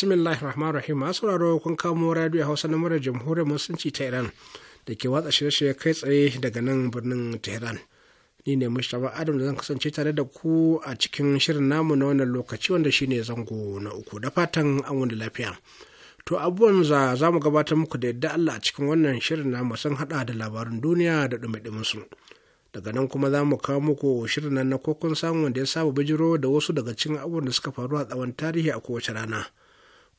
bismillahir rahmanir rahim masu sauraro kun kamo radio hausa na murar jamhuriyar musulunci ta iran da ke watsa shirye-shirye kai tsaye daga nan birnin tehran ni ne mustapha adam da zan kasance tare da ku a cikin shirin namu na wannan lokaci wanda shine zango na uku da fatan an wani lafiya to abubuwan za za mu gabatar muku da yadda allah a cikin wannan shirin namu sun hada da labarin duniya da dumi su daga nan kuma za mu kawo muku shirin nan na kokon samun da ya saba bijiro da wasu daga cikin abubuwan da suka faru a tsawon tarihi a kowace rana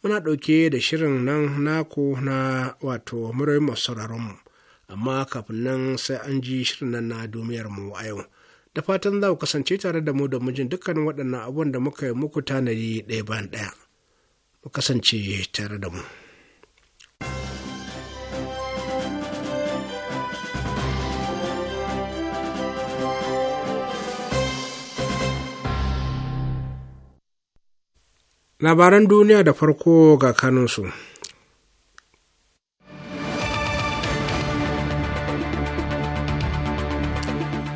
muna ɗauke da shirin nan naku na wato murayin masu amma kafin nan sai an ji shirin nan na duniyarmu a yau da fatan za ku kasance tare da mu da mijin dukkanin waɗannan abubuwan da muka yi muku tanadi ɗaya bayan ɗaya mu kasance tare da mu. labaran duniya da farko ga kanunsu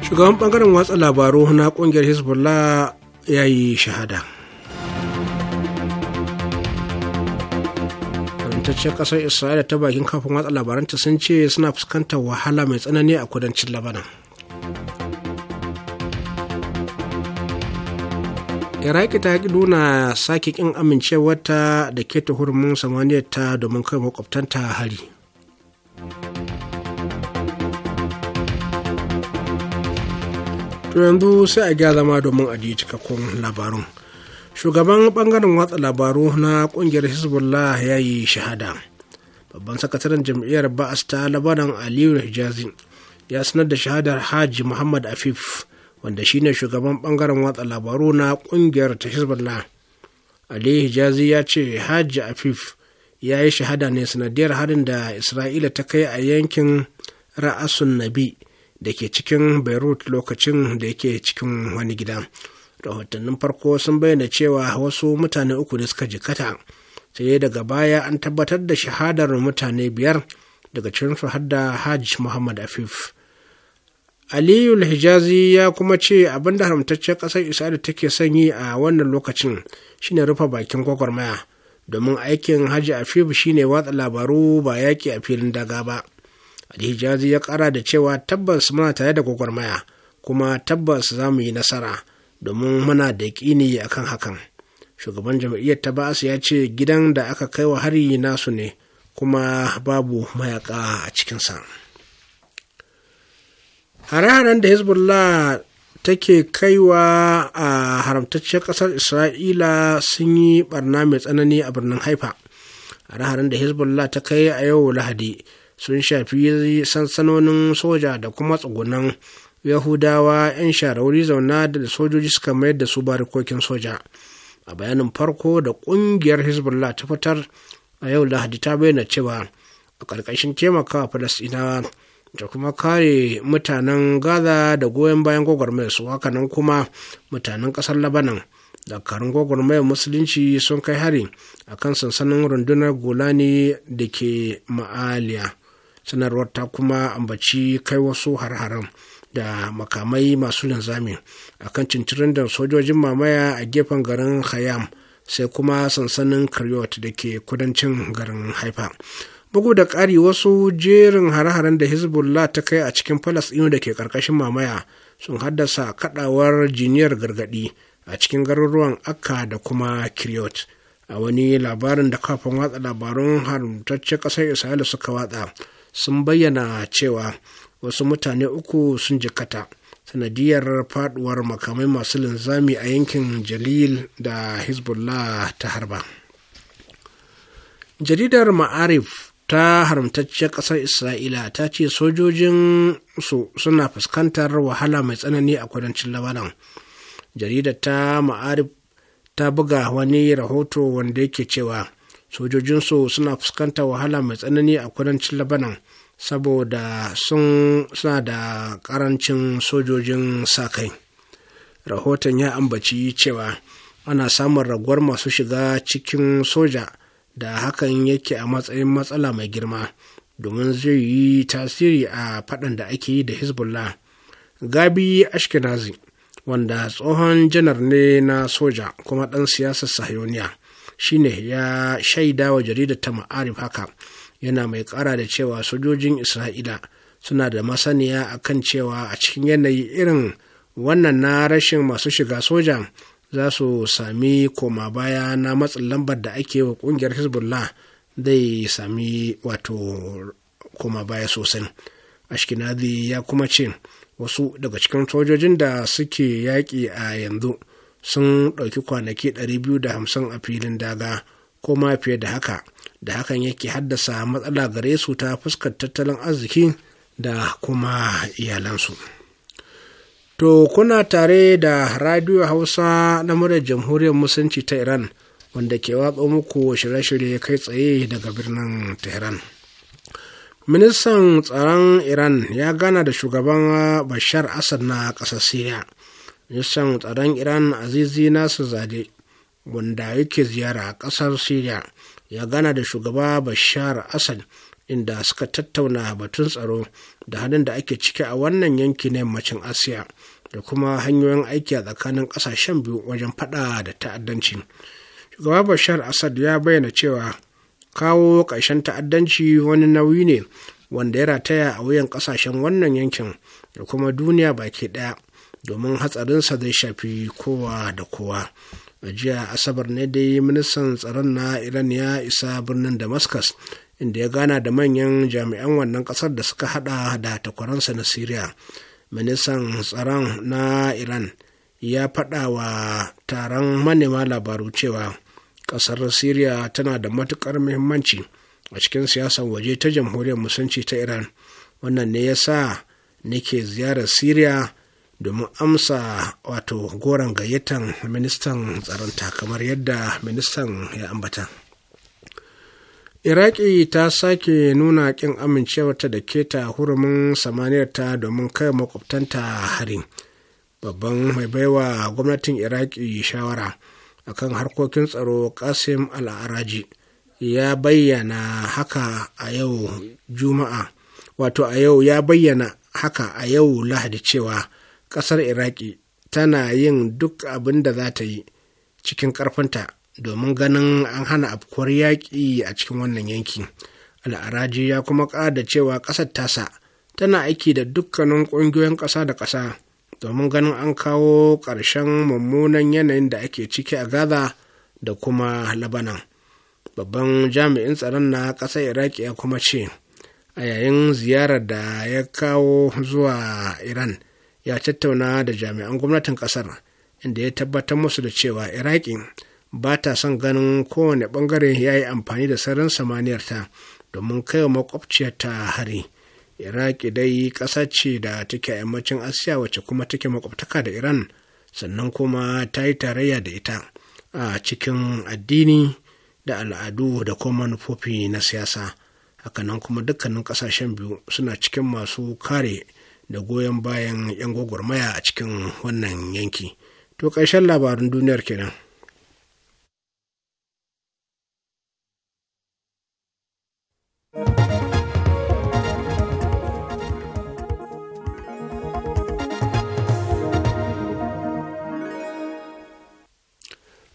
shugaban bangaren watsa labaru na kungiyar hezbollah ya yi shahada karantaccen ƙasar isra'ila ta bakin kafin watsa labaranta sun ce suna fuskantar wahala mai tsanani a kudancin labanan iraki ta ki nuna sake ƙin amincewarta da ke tuhurmin samaniyar ta domin kai makwabtanta hari to yanzu sai a gya zama domin a cikakkun labarun shugaban bangaren watsa labaru na kungiyar hezbollah ya yi shahada babban sakataren jam'iyyar ba'as ta labaran aliyu hijazi ya sanar da shahadar haji muhammad afif wanda shine shugaban bangaren watsa labaru na kungiyar ta hezbollah ali hijazi ya ce hajji afif ya yi shahada ne sanadiyar harin da isra'ila ta kai a yankin ra'asun nabi da ke cikin beirut lokacin da yake cikin wani gida rahotannin farko sun bayyana cewa wasu mutane uku ne suka jikata sai daga baya an tabbatar da shahadar mutane biyar daga cikinsu har da hajj muhammad afif aliyu hijazi ya kuma ce abin da haramtacciyar ƙasar isra'ila take son yi a wannan lokacin shine rufe bakin gwagwarmaya domin aikin hajji afifu shine watsa labaru ba yaƙi a filin daga ba hijazi ya ƙara da cewa tabbas muna tare da gwagwarmaya kuma tabbas za mu yi nasara domin muna da ƙini akan hakan shugaban jam'iyyar ta ba'as ya ce gidan da aka kai wa hari nasu ne kuma babu mayaka a cikinsa. hare-haren da hezbollah take kaiwa a haramtacciyar ƙasar isra'ila sun yi barna mai tsanani a birnin haifa hare-haren da hezbollah ta kai a yau lahadi sun shafi sansanonin soja da kuma tsugunan yahudawa 'yan sharauri zauna da sojoji suka mayar da su barikokin soja a bayanin farko da kungiyar hezbollah ta fitar a yau lahadi ta bayyana cewa a ƙarƙashin taimakawa falasɗinawa da kuma kare mutanen gaza da goyon bayan gwagwarmaya su hakanan kuma mutanen ƙasar labanan da dakarun gwagwarmayar musulunci sun kai hari a kan sansanin rundunar golani da ke ma'aliya sanarwar ta kuma ambaci kai wasu har-haren da makamai masu linzami a kan cincirin da sojojin mamaya a gefen garin hayam sai kuma sansanin karyot da ke kudancin garin haifa bugu da ƙari wasu jerin hare-haren da hezbollah ta kai a cikin falasɗinu da ke ƙarƙashin mamaya sun haddasa kaɗawar jiniyar gargaɗi a cikin garuruwan akka da kuma kiryot a wani labarin da kafin watsa labarun haramtaccen ƙasar isra'ila suka watsa sun bayyana cewa wasu mutane uku sun jikata sanadiyar faduwar makamai masu linzami a yankin jalil da hezbollah ta harba jaridar ma'arif ta haramtacciyar ƙasar isra'ila ta ce sojojin su suna fuskantar wahala mai tsanani a kudancin labanan jaridar ta ma'arif ta buga wani rahoto wanda yake cewa sojojinsu suna fuskantar wahala mai tsanani a kudancin labanan saboda sun suna da karancin sojojin sa-kai rahoton ya ambaci cewa ana samun raguwar masu shiga cikin soja da hakan yake a matsayin matsala mai girma domin zai yi tasiri a faɗan da ake yi da hezbollah gabi ashkenazi wanda tsohon janar ne na soja kuma ɗan siyasar sahiyoniya shine ya shaida wa jaridar ta ma'arif haka yana mai ƙara da cewa sojojin isra'ila suna da masaniya akan cewa a cikin yanayi irin wannan na rashin masu shiga soja za su sami koma baya na matsin lambar da ake wa kungiyar hezbollah zai sami wato koma baya sosai ashkinazi ya kuma ce wasu daga cikin sojojin da suke yaƙi a yanzu sun ɗauki kwanaki 250 a filin daga ko fiye da haka da hakan yake haddasa matsala gare su ta fuskar tattalin arziki da kuma iyalansu. To kuna tare da Radio Hausa na murar Jamhuriyar Musulunci ta Iran wanda ke watsa muku shirye-shirye kai tsaye daga birnin Tehran. Ministan tsaron Iran ya gana da shugaban ah, Bashar Assad na ƙasar Siriya. Ministan tsaron Iran Azizi Nasir Zade wanda yake ziyara ƙasar Siriya ya gana da shugaba Bashar Assad inda suka tattauna batun tsaro da hannun da ake ciki a wannan yanki na yammacin Asiya. da kuma hanyoyin aiki a tsakanin ƙasashen biyu wajen faɗa da ta'addanci. Shugaba Bashar Assad ya bayyana cewa kawo ƙarshen ta'addanci wani nauyi ne wanda ya rataya a wuyan ƙasashen wannan yankin da kuma duniya baki ɗaya domin hatsarinsa zai shafi kowa da kowa. a jiya asabar ne dai ministan tsaron na iran ya isa birnin damascus inda ya gana da manyan jami'an wannan kasar da suka hada da takwaransa na siriya ministan tsaron na iran ya faɗa wa taron manema labaru cewa ƙasar syria tana da matuƙar muhimmanci a cikin siyasar waje ta jamhuriyar musulunci ta iran wannan ne ya sa nake ziyarar syria domin amsa wato goron gayyatan ministan tsaronta kamar yadda ministan ya ambata. iraki ta sake nuna ƙin amincewarta da keta hurumin samaniyar ta domin kai makwabtanta harin babban mai baiwa gwamnatin iraki shawara a kan harkokin tsaro kasim al'araji ya bayyana haka a yau juma'a wato a yau ya bayyana haka a yau lahadi cewa ƙasar iraki tana yin duk abin da za ta yi cikin ƙarfinta domin ganin an hana afkuwar yaƙi a cikin wannan yanki al'araji ya kuma ƙara da cewa ƙasar tasa tana aiki da dukkanin ƙungiyoyin ƙasa da ƙasa domin ganin an kawo ƙarshen mummunan yanayin da ake ciki a gaza da kuma labanan babban jami'in tsaron na ƙasar iraki ya kuma ce a yayin ziyarar da ya kawo zuwa iran ya tattauna da jami'an gwamnatin ƙasar inda ya tabbatar musu da cewa iraki ba ta son ganin kowane ɓangare ya yi amfani da sararin samaniyarta domin kaiwa makwabciyarta hari iraki dai ƙasa ce da take yammacin asiya wacce kuma take makwabtaka da iran sannan kuma ta yi tarayya da ita a cikin addini da al'adu da kuma manufofi na siyasa hakanan kuma dukkanin ƙasashen biyu suna cikin masu kare da goyon bayan 'yan gwagwarmaya a cikin wannan yanki to ƙarshen labarin duniyar kenan.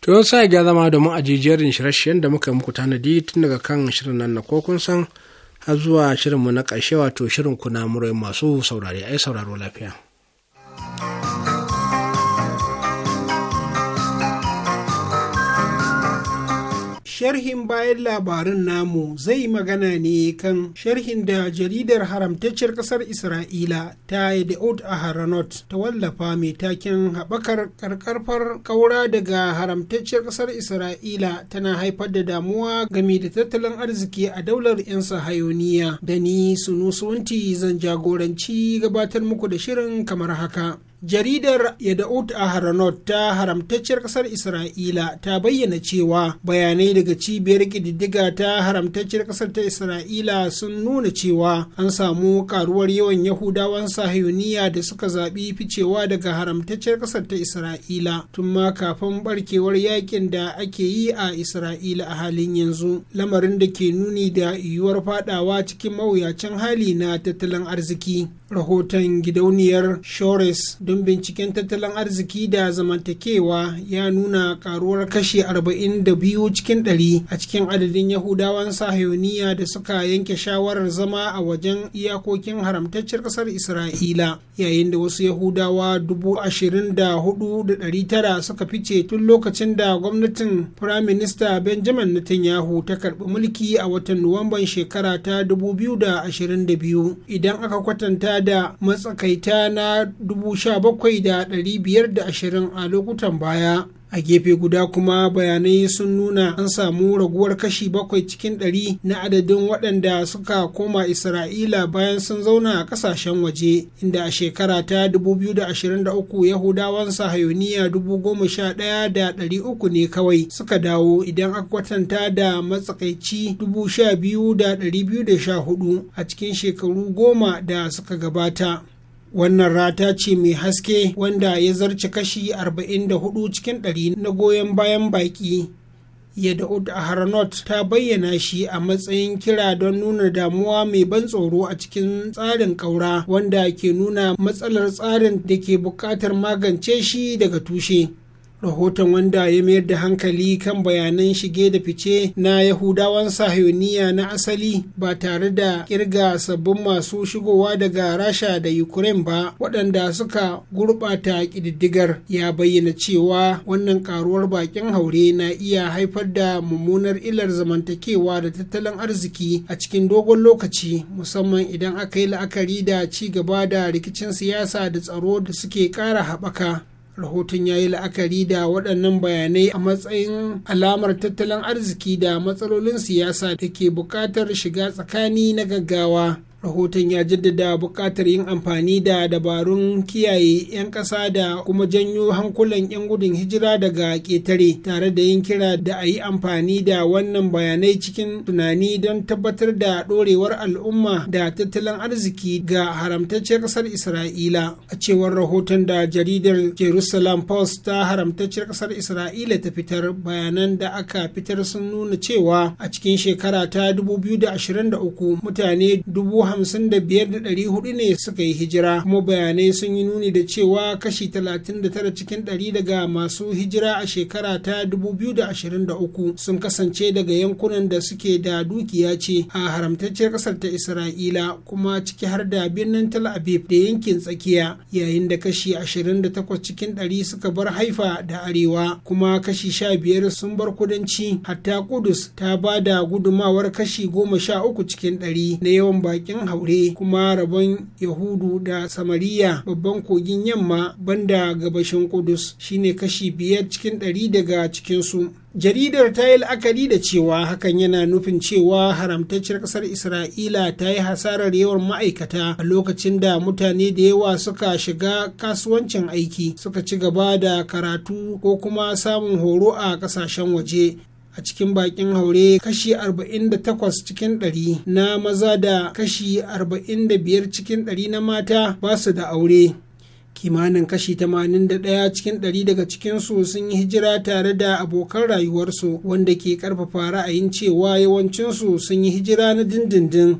to yau sai ya zama domin ajijiyarin shirye-shiryen da muka muku tanadi tun daga kan shirin nan na kokun san har zuwa mu na ƙarshe wato shirin kuna murai masu saurare ai sauraro lafiya sharhin bayan labarin namu zai magana ne kan sharhin da jaridar haramtacciyar kasar isra'ila ta yadda'ud a haranot ta wallafa mai taken haɓakar ƙarƙarfar ƙaura daga haramtacciyar kasar isra'ila tana haifar da damuwa game da tattalin arziki a daular 'yan sahayoniya da ni sunusunti zan jagoranci gabatar muku da shirin kamar haka jaridar Yada'ut a ta haramtacciyar ƙasar Isra'ila ta bayyana cewa bayanai daga cibiyar ƙididdiga ta haramtacciyar ƙasar ta Isra'ila sun nuna cewa an samu karuwar yawan Yahudawan sahiyoniya da suka zaɓi ficewa daga haramtacciyar ƙasar ta Isra'ila tun ma kafin barkewar yakin da ake yi a Isra'ila a halin yanzu lamarin da ke nuni da yiwuwar faɗawa cikin mawuyacin hali na tattalin arziki. rahoton gidauniyar shores don binciken tattalin arziki da zamantakewa ya nuna karuwar kashe 42 cikin 100 a cikin adadin yahudawan sahayoniya da suka yanke shawarar zama a wajen iyakokin haramtaccen kasar isra'ila yayin da wasu yahudawa 24,900 suka fice tun lokacin da gwamnatin firaminista benjamin netanyahu ta karbi mulki a watan nuwamban shekara ta 2022 idan aka kwatanta da matsakaita na 17,520 a lokutan baya a gefe guda kuma bayanai sun nuna an samu raguwar kashi bakwai cikin ɗari na adadin waɗanda suka koma isra'ila bayan sun zauna a ƙasashen waje inda a shekara ta 2023 yahudawan sahayoniya 11,300 ne kawai suka dawo idan aka kwatanta da matsakaici 12,214 a cikin shekaru goma da suka gabata wannan rata ce mai haske wanda ya zarci kashi 44 cikin 100 na goyon bayan baki yadda Ud Aharonot ta bayyana shi a matsayin kira don nuna damuwa mai ban tsoro a cikin tsarin kaura wanda ke nuna matsalar tsarin da ke buƙatar magance shi daga tushe. rahoton wanda ya mayar da hankali kan bayanan shige da fice na yahudawan sahiyoniya na asali ba tare da kirga sabbin masu shigowa daga rasha da ukraine ba waɗanda suka gurɓata ƙididdigar ya bayyana cewa wannan ƙaruwar bakin haure na iya haifar da mummunar ilar zamantakewa da tattalin arziki a cikin dogon lokaci musamman idan aka yi la'akari da ci gaba da rikicin siyasa da tsaro da suke ƙara haɓaka rahoton ya yi la'akari da waɗannan bayanai a matsayin alamar tattalin arziki da matsalolin siyasa da ke buƙatar shiga tsakani na gaggawa rahoton ya jaddada buƙatar yin amfani da dabarun kiyaye 'yan ƙasa da kuma janyo hankulan 'yan gudun hijira daga ƙetare tare da yin kira da a yi amfani da wannan bayanai cikin tunani don tabbatar da ɗorewar al'umma da tattalin arziki ga haramtacciyar ƙasar isra'ila a cewar rahoton da jaridar jerusalem post ta haramtacciyar ƙasar isra'ila ta fitar bayanan da aka fitar sun nuna cewa a cikin shekara ta 2023 mutane dubu 55,400 ne suka yi hijira kuma bayanai sun yi nuni da cewa kashi 39 cikin 100 daga masu hijira a shekara ta 2023 sun kasance daga yankunan da suke da dukiya ce a haramtacciyar kasar ta isra'ila kuma ciki har da birnin tel aviv da yankin tsakiya yayin da kashi 28 cikin 100 suka bar haifa da arewa kuma kashi 15 sun bar kudanci hatta kudus ta ba da gudumawar kashi goma sha uku cikin ɗari na yawan bakin baƙin haure kuma rabon yahudu da samariya babban kogin yamma banda gabashin kudus shine kashi biyar cikin ɗari daga cikinsu jaridar ta yi la'akari da cewa hakan yana nufin cewa haramtacciyar ƙasar isra'ila ta yi hasarar yawan ma'aikata a lokacin da mutane da yawa suka shiga kasuwancin aiki suka ci gaba da karatu ko kuma samun horo a ƙasashen waje a cikin bakin haure kashi 48 cikin 100 na maza da kashi 45 cikin 100 na mata ba su da aure kimanin kashi 81 cikin 100 daga cikinsu sun yi hijira tare da abokan rayuwarsu wanda ke karfafa ra'ayin cewa yawancinsu sun yi hijira na dindindin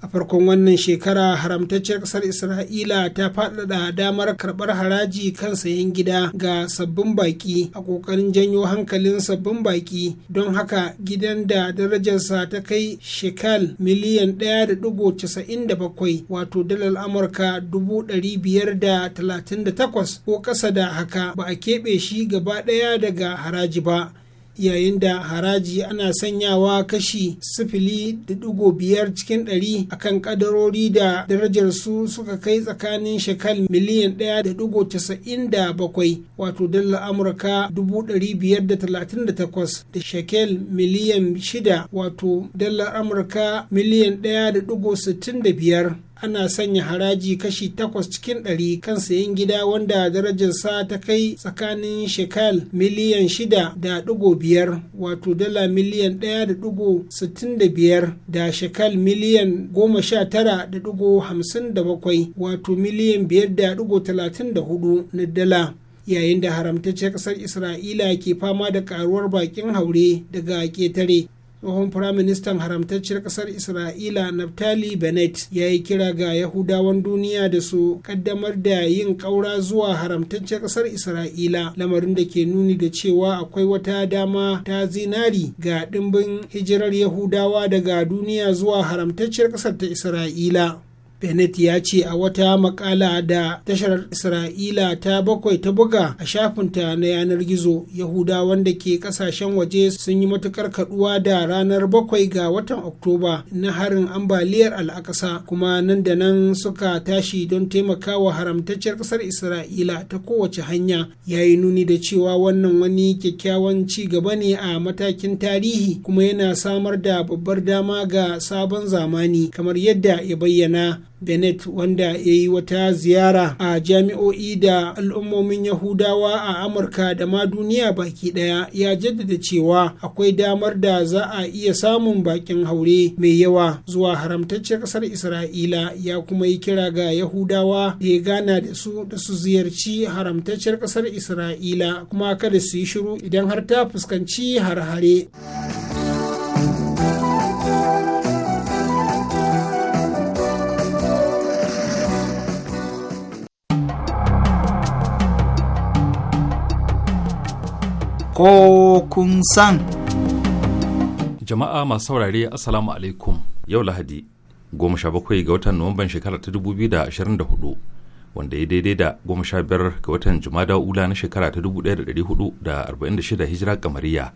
a farkon wannan shekara haramtaccen ƙasar isra'ila ta faɗaɗa damar karɓar haraji kan sayen gida ga sabbin baƙi a ƙoƙarin janyo hankalin sabbin baƙi don haka gidan da darajarsa ta kai shekal miliyan 1.97 wato dalar amurka 538 ko ƙasa da haka ba a keɓe shi gaba ɗaya daga haraji ba yayin da haraji ana sanyawa kashi sifili da digo biyar cikin ɗari akan kadarori da darajar su suka kai tsakanin shekal miliyan ɗaya da digo casa'in da bakwai wato dala amurka dubu ɗari biyar da talatin da takwas da shekel miliyan shida wato dala amurka miliyan ɗaya da digo sittin da biyar ana sanya haraji kashi takwas cikin ɗari kan sayan gida wanda darajarsa ta kai tsakanin shekal miliyan shida da ɗigo biyar wato dala miliyan ɗaya da ɗigo sittin da biyar da shekal miliyan goma sha tara da ɗigo hamsin da bakwai wato miliyan biyar da ɗigo talatin da hudu na dala yayin da haramtacce ƙasar isra'ila ke fama da karuwar baƙin haure daga ƙetare tsohon firaministan haramtacciyar kasar isra'ila naftali bennett ya yi kira ga yahudawan duniya da su ƙaddamar da yin ƙaura zuwa haramtacciyar kasar isra'ila lamarin da ke nuni da cewa akwai wata dama ta zinari ga ɗimbin hijirar yahudawa daga duniya zuwa haramtacciyar kasar ta isra'ila Bennett ya ce a wata makala da tashar Isra'ila ta bakwai ta buga a shafinta na yanar gizo Yahuda wanda ke kasashen waje sun yi matukar kaduwa da ranar bakwai ga watan Oktoba na harin ambaliyar al'akasa kuma nan da nan suka tashi don taimakawa haramtacciyar kasar Isra'ila ta kowace hanya ya yi nuni da cewa wannan wani kyakkyawan ci gaba ne a matakin tarihi kuma yana samar da babbar dama ga sabon zamani kamar yadda ya bayyana Bennett wanda ya yi wata ziyara a jami'o'i da al'ummomin Yahudawa a Amurka da ma duniya baki ɗaya ya jaddada cewa akwai damar da za a iya samun bakin haure mai yawa zuwa haramtacce ƙasar Isra'ila ya kuma yi kira ga Yahudawa da ya gana da su da su ziyarci haramtacciyar ƙasar Isra'ila kuma kada su yi shiru idan har ta fuskanci har-hare. ko kun san. Jama'a masu saurare Assalamu alaikum yau Lahadi goma sha bakwai ga watan Nuwamban shekara ta dubu biyu da ashirin da hudu wanda ya daidai da goma sha biyar ga watan Jumada Ula na shekara ta dubu ɗaya da dari hudu da arba'in da shida hijira kamariya.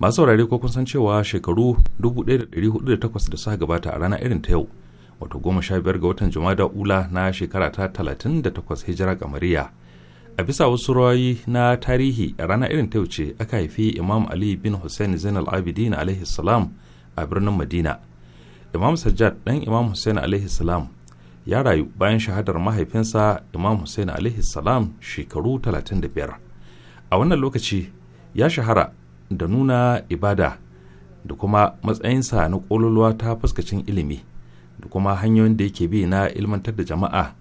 Masu saurare ko kun san cewa shekaru dubu ɗaya da ɗari hudu da takwas da suka gabata a rana irin ta yau wato goma sha biyar ga watan Jumada Ula na shekara ta talatin da takwas hijira kamariya. a bisa wasu ruwayi na tarihi a rana irin ta wuce aka haifi imam ali bin hussein zainal abidin alaihi salam a birnin madina imam sajjad dan imam hussein alaihi salam ya rayu bayan shahadar mahaifinsa imam hussein alaihi salam shekaru 35 a wannan lokaci ya shahara da nuna ibada da kuma matsayinsa na ƙololuwa ta fuskacin ilimi da kuma hanyoyin da yake bi na ilmantar da jama'a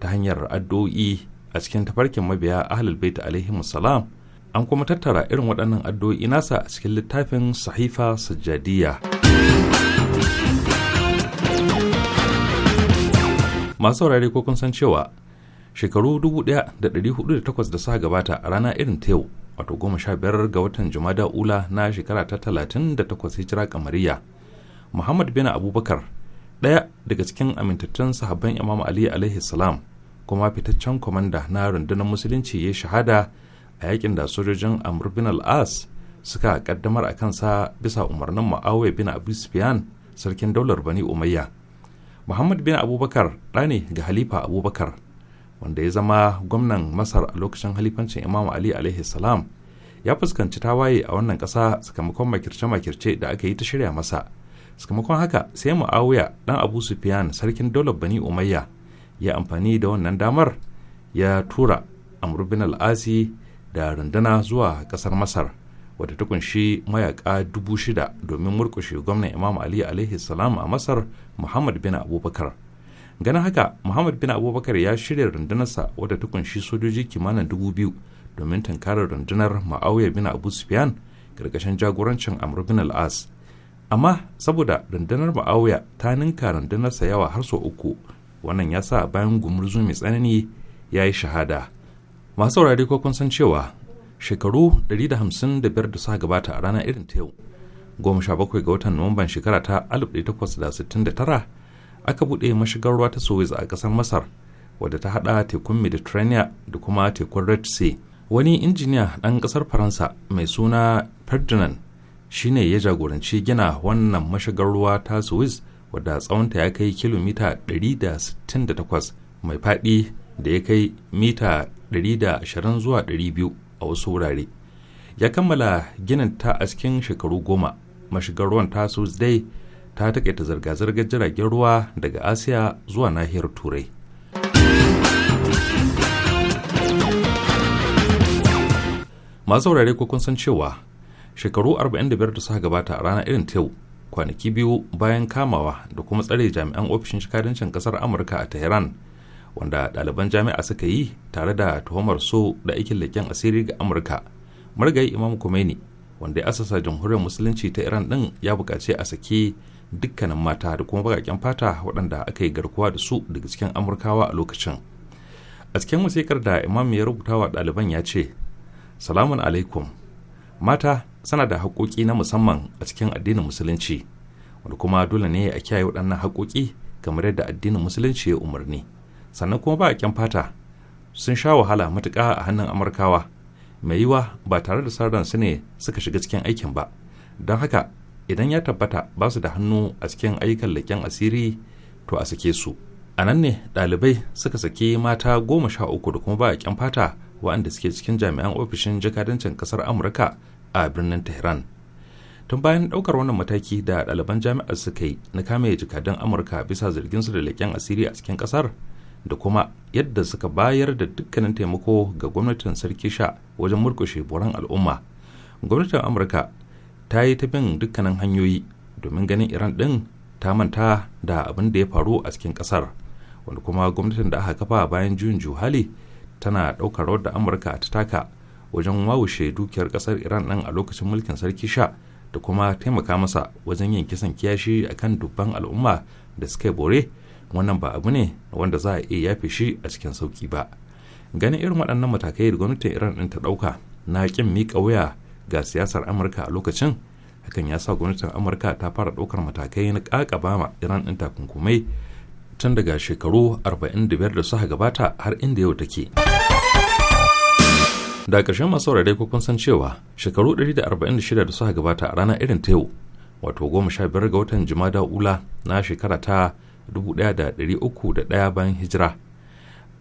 ta hanyar addu'o'i a cikin tafarkin mabiya ahlul bait alaihi salam an kuma tattara irin waɗannan addu'o'i nasa a cikin littafin sahifa sajjadiyya masu saurare ko kun san cewa shekaru 1408 da suka gabata a rana irin ta yau wato 15 ga watan jumada ula na shekara ta 38 hijira kamariya muhammad bin abubakar ɗaya daga cikin amintattun sahabban imam ali alaihi salam kuma fitaccen kwamanda na rundunar musulunci ya shahada a yakin da sojojin amur bin al'as suka kaddamar a kansa bisa umarnin ma'awai bin abu sufyan sarkin daular bani umayya muhammad bin abubakar ɗani ga halifa abubakar wanda ya zama gwamnan masar a lokacin halifancin imam ali alaihi salam ya fuskanci tawaye a wannan ƙasa sakamakon makirce-makirce da aka yi ta shirya masa sakamakon haka sai muawiya dan abu sufyan sarkin daular bani umayya ya amfani da wannan damar ya tura amr bin al'azi da runduna zuwa kasar masar wadda ta kunshi mayaka dubu shida domin murkushe gwamnan imam ali alaihi salam a masar muhammad bin abubakar ganin haka muhammad bin abubakar ya shirya rundunarsa wadda ta kunshi sojoji kimanin dubu biyu domin tankarar rundunar ma'auya bin abu sufyan karkashin jagorancin amur bin al'as amma saboda rundunar ma'auya ta ninka rundunarsa yawa har sau uku wannan ya sa bayan gumurzu mai tsanani ya yi shahada masu saurare ko kun san cewa shekaru 155 da suka gabata a ranar irin ta yau goma sha bakwai ga watan nuwamban shekara ta 1869 aka buɗe mashigar ruwa ta suez a ƙasar masar wadda ta haɗa tekun mediterranean da kuma tekun red sea wani injiniya ɗan ƙasar faransa mai suna ferdinand shine ya jagoranci gina wannan mashigar ruwa ta suez wadda tsawonta ya kai kilomita 168 mai faɗi da ya kai mita 120 zuwa 200 a wasu wurare ya kammala ginin ta a cikin shekaru goma mashigar ruwan ta dai ta taƙaita zirga-zirgar jiragen ruwa daga asiya zuwa nahiyar turai masu wurare ko kun san cewa shekaru 45 da suka gabata a ranar irin ta yau kwanaki biyu bayan kamawa da kuma tsare jami'an ofishin shikarancin kasar amurka a tehran wanda ɗaliban jami'a suka yi tare da tuhumar so da aikin leƙen asiri ga amurka marigayi imam khomeini wanda ya asasa jamhuriyar musulunci ta iran ɗin ya buƙaci a sake dukkanin mata da kuma baƙaƙen fata waɗanda aka yi garkuwa da su daga cikin amurkawa a lokacin a cikin wasikar da imam ya rubuta wa ɗaliban ya ce salamun alaikum mata Sana da haƙoƙi na musamman a cikin addinin musulunci wanda kuma dole ne a kiyaye waɗannan haƙoƙi kamar yadda addinin musulunci ya umarni sannan kuma ba a kyan fata sun sha wahala matuƙa a hannun amurkawa mai yiwa ba tare da sauran su ne suka shiga cikin aikin ba don haka idan ya tabbata ba su da hannu a cikin ayyukan leƙen asiri to a sake su a nan ne ɗalibai suka saki mata goma sha uku da kuma ba a fata waɗanda suke cikin jami'an ofishin jakadancin ƙasar amurka a birnin tehran tun bayan daukar wannan mataki da ɗaliban jami'ar suka yi na kame jikadun amurka bisa zargin su da leƙen asiri a cikin ƙasar da kuma yadda suka bayar da dukkanin taimako ga gwamnatin sarki sha wajen murkushe boran al'umma gwamnatin amurka ta yi ta bin dukkanin hanyoyi domin ganin iran ɗin ta manta da abin da ya faru a cikin ƙasar wanda kuma gwamnatin da aka kafa bayan juyin juhali tana ɗaukar rawar da amurka ta taka wajen wawushe dukiyar kasar iran ɗin a lokacin mulkin sarki sha da kuma taimaka masa wajen yin kisan kiyashi a kan dubban al'umma da suka bore wannan ba abu ne wanda za a iya yafe shi a cikin sauki ba ganin irin waɗannan matakai da gwamnatin iran ɗin ta ɗauka na ƙin miƙa wuya ga siyasar amurka a lokacin hakan ya sa gwamnatin amurka ta fara ɗaukar matakai na ƙaƙaba ma iran ɗin takunkumai tun daga shekaru 45 da suka gabata har inda yau take. da ƙarshen masu saurare ko kun san cewa shekaru 146 da suka gabata a rana irin ta yau wato biyar ga watan jumada ula na shekara ta da 1301 bayan hijira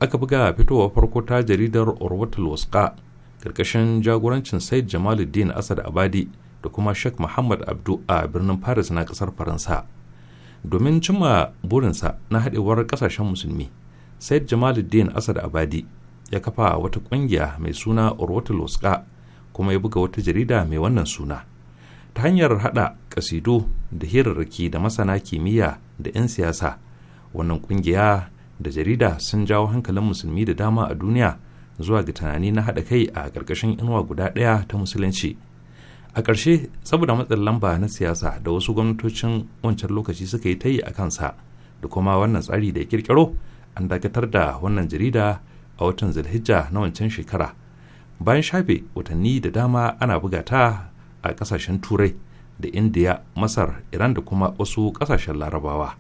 aka buga fitowa farko ta jaridar orwatul wasqa karkashin jagorancin said jamaluddin asad abadi da kuma sheikh muhammad abdu a birnin paris na ƙasar faransa domin cimma burinsa na haɗewar ƙasashen musulmi said jamaluddin asad abadi ya kafa wata ƙungiya mai suna Urwatul kuma ya buga wata jarida mai wannan suna. Ta hanyar haɗa ƙasidu da hirarraki da masana kimiyya da 'yan siyasa, wannan ƙungiya da jarida sun jawo hankalin musulmi da dama a duniya zuwa ga tunani na haɗa kai a ƙarƙashin inuwa guda ɗaya ta musulunci. A ƙarshe, saboda matsin lamba na siyasa da wasu gwamnatocin wancan lokaci suka yi ta yi a kansa da kuma wannan tsari da ya ƙirƙiro, an dakatar da wannan jarida a watan zilhijja na wancan shekara bayan shafe watanni da dama ana buga ta a kasashen turai da indiya masar iran da kuma wasu kasashen larabawa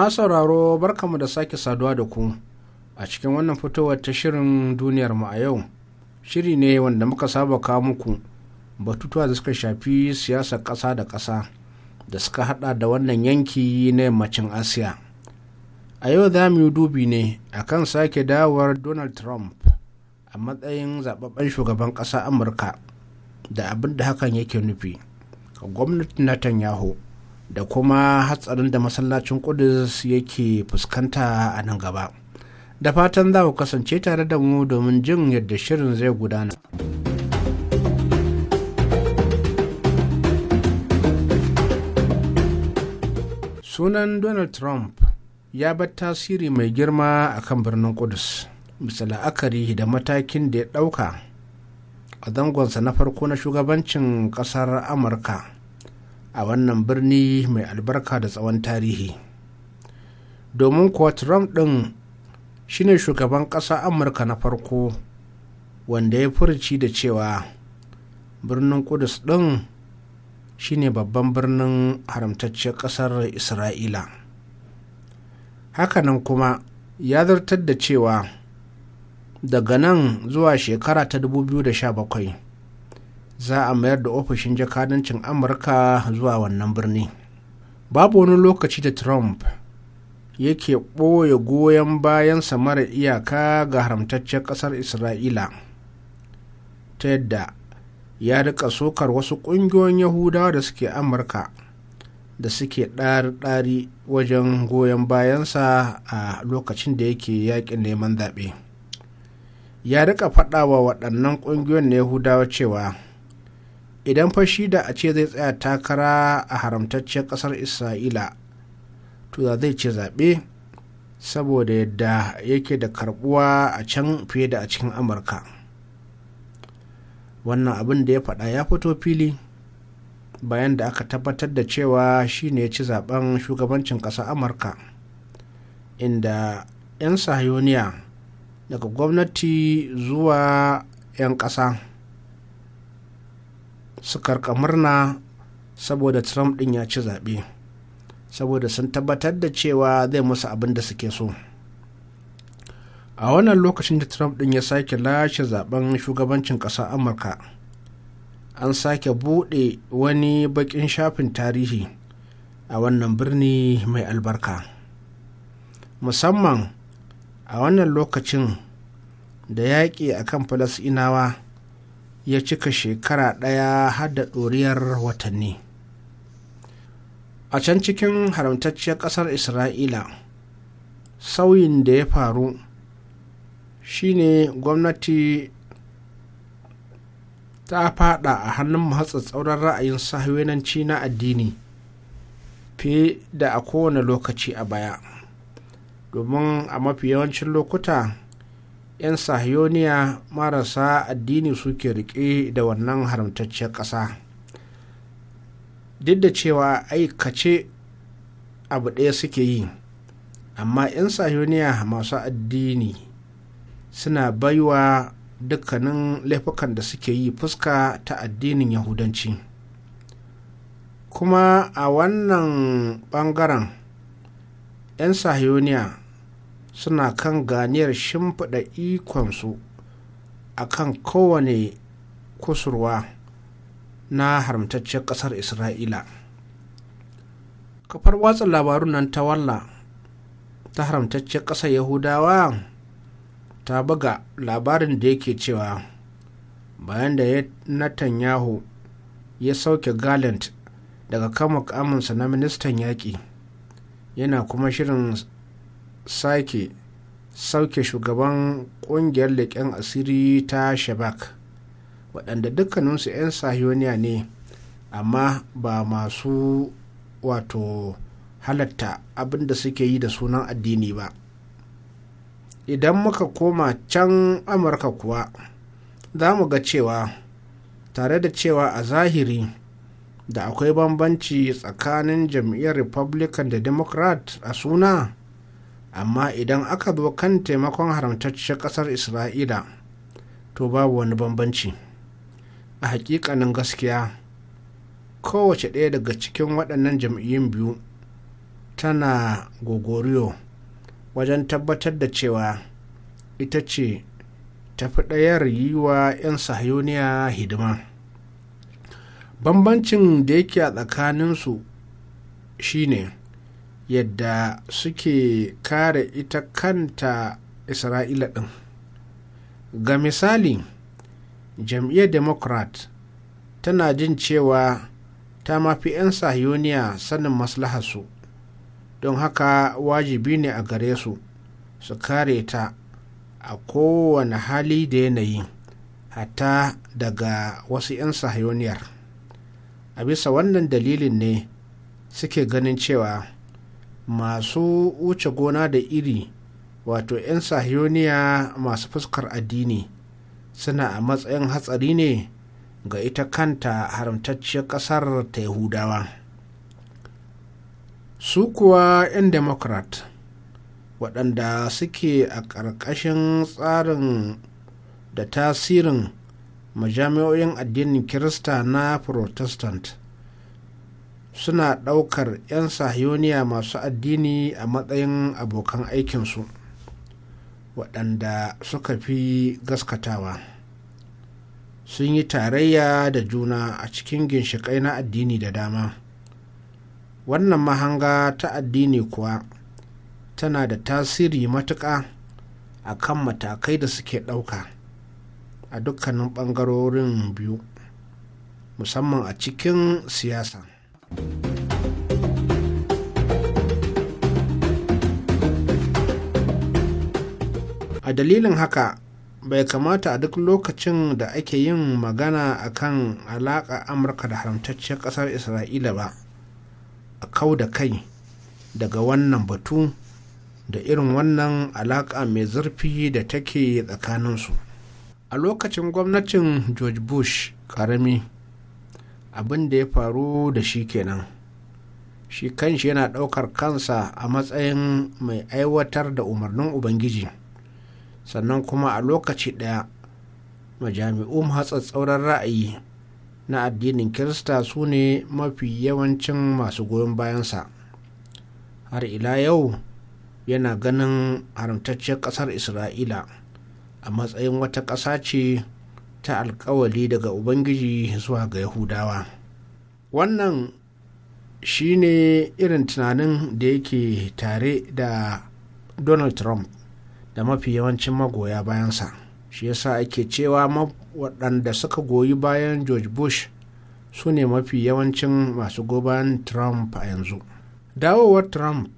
Ma sauraro barkamu da sake saduwa da ku a cikin wannan fitowar ta shirin duniyar mu a yau. Shiri ne wanda muka saba ka muku batutuwa da suka shafi siyasar ƙasa da ƙasa da suka hada da wannan yanki na yammacin Asiya. A yau za mu yi dubi ne akan sake dawowar Donald Trump a matsayin zababben shugaban ƙasa Amurka da abin da hakan yake nufi. Gwamnatin Netanyahu. da kuma hatsarin da masallacin kudus yake fuskanta a nan gaba da fatan za ku kasance tare da mu domin jin yadda shirin zai gudana sunan donald trump ya bar tasiri mai girma a kan birnin kudus bisa la'akari da matakin da ya ɗauka a zangonsa na farko na shugabancin ƙasar amurka a wannan birni mai albarka da tsawon tarihi domin kuwa trump ɗin shine shugaban ƙasa amurka na farko wanda ya furci da cewa birnin kudus ɗin shine babban birnin haramtacciyar ƙasar isra'ila hakanan kuma ya zartar da cewa daga nan zuwa shekara ta 2017 za a mayar da ofishin jakadancin amurka zuwa wannan birni babu wani lokaci da trump yake ɓoye goyon bayansa mara iyaka ga haramtaccen ƙasar isra'ila ta yadda ya rika sokar wasu ƙungiyoyin yahudawa da suke amurka da suke ɗari-ɗari wajen goyon bayansa a lokacin da yake yakin neman zaɓe ya rika faɗawa waɗannan ƙungiyoyin na yahudawa cewa idan fashi da a ce zai tsaya takara a haramtaccen ƙasar isra'ila to za zai ce zaɓe saboda yadda yake da karbuwa a can fiye da a cikin amurka wannan abin da ya faɗa ya fito fili bayan da aka tabbatar da cewa shi ne ya ci zaɓen shugabancin ƙasar amurka inda 'yan sahayoniya daga gwamnati zuwa 'yan ƙasa su karka murna saboda trump din ya ci zaɓe saboda sun tabbatar da cewa zai musu abin da suke so a wannan lokacin da trump din ya sake lashe zaben shugabancin ƙasar amurka an sake buɗe wani baƙin shafin tarihi a wannan birni mai albarka musamman a wannan lokacin da yaƙi a kan falasinawa ya cika shekara ɗaya har ɗoriyar watanni a can cikin haramtacciyar ƙasar isra'ila sauyin da ya faru shine gwamnati ta fada a hannun masu tsauran ra'ayin sahiwenanci na addini fiye da a kowane lokaci a baya domin a mafi yawancin lokuta 'yan sahiyoniya marasa addini suke rike da wannan haramtacciyar ƙasa duk da cewa aikace abu ɗaya suke yi amma 'yan sahiyoniya masu addini suna baiwa dukkanin laifukan da suke yi fuska ta addinin yahudanci kuma a wannan ɓangaren 'yan sahiyoniya suna kan ganiyar shimfiɗa ikonsu a kan kowane kusurwa na haramtacciyar ƙasar isra'ila kafar watsa labarun nan ta walla ta haramtacciyar ƙasar yahudawa ta buga labarin da yake cewa bayan da Netanyahu ya sauke gallant daga kan mukaminsa na ministan yaƙi yana kuma shirin sake sauke shugaban kungiyar leƙen asiri ta shabak waɗanda dukkaninsu 'yan sahiyoniya ne amma ba masu wato halatta abinda suke yi da sunan addini ba idan muka koma can amurka kuwa za mu ga cewa tare da cewa a zahiri da akwai bambanci tsakanin jam'iyyar republican da democrat a suna amma idan aka zo kan taimakon haramtacciyar ƙasar isra'ila to babu wani bambanci a hakikanin gaskiya kowace ɗaya daga cikin waɗannan jam'iyyun biyu tana gogoriyo wajen tabbatar da cewa ita ce ta fi ɗayar yi wa 'yan sahayoniya hidima bambancin da yake a tsakaninsu shine yadda suke kare ita kanta isra'ila ɗin ga misali jam'iyyar democrat tana jin cewa ta mafi 'yan sahiyoniya sanin maslaharsu don haka wajibi ne a gare su su kare ta a kowane hali da yanayi hatta daga wasu 'yan sahiyoniyar a bisa wannan dalilin ne suke ganin cewa masu wuce gona da iri wato 'yan sahiyoniya masu fuskar addini suna a matsayin hatsari ne ga ita kanta haramtacciyar ƙasar ta yahudawa su kuwa 'yan democrat waɗanda suke a ƙarƙashin tsarin da tasirin majami'o'in addinin kirista na protestant suna ɗaukar 'yan sahiyoniya masu addini a matsayin abokan aikinsu waɗanda suka fi gaskatawa sun yi tarayya da juna a cikin ginshiƙai na addini da dama wannan mahanga ta addini kuwa tana da tasiri matuƙa a kan matakai da suke ɗauka a dukkanin ɓangarorin biyu musamman a cikin siyasa a dalilin haka bai kamata a duk lokacin da ake yin magana a kan alaƙa amurka da haramtacciyar ƙasar isra'ila ba a kau da kai daga wannan batu da irin wannan alaƙa mai zurfi da take tsakaninsu a lokacin gwamnatin george bush ƙarami abin da ya faru da shi kenan shi kanshi yana ɗaukar kansa a matsayin mai aiwatar da umarnin ubangiji sannan kuma a lokaci ɗaya majami'un tsauran ra'ayi na addinin kirista su ne mafi yawancin masu goyon bayansa har ila yau yana ganin haramtacciyar ƙasar isra'ila a matsayin wata ƙasa ce ta alkawali daga ubangiji zuwa ga yahudawa wannan shine irin tunanin da yake tare da donald trump da mafi yawancin magoya bayansa shi yasa ake cewa waɗanda suka goyi bayan george bush su ne mafi yawancin masu goban trump a yanzu dawowar trump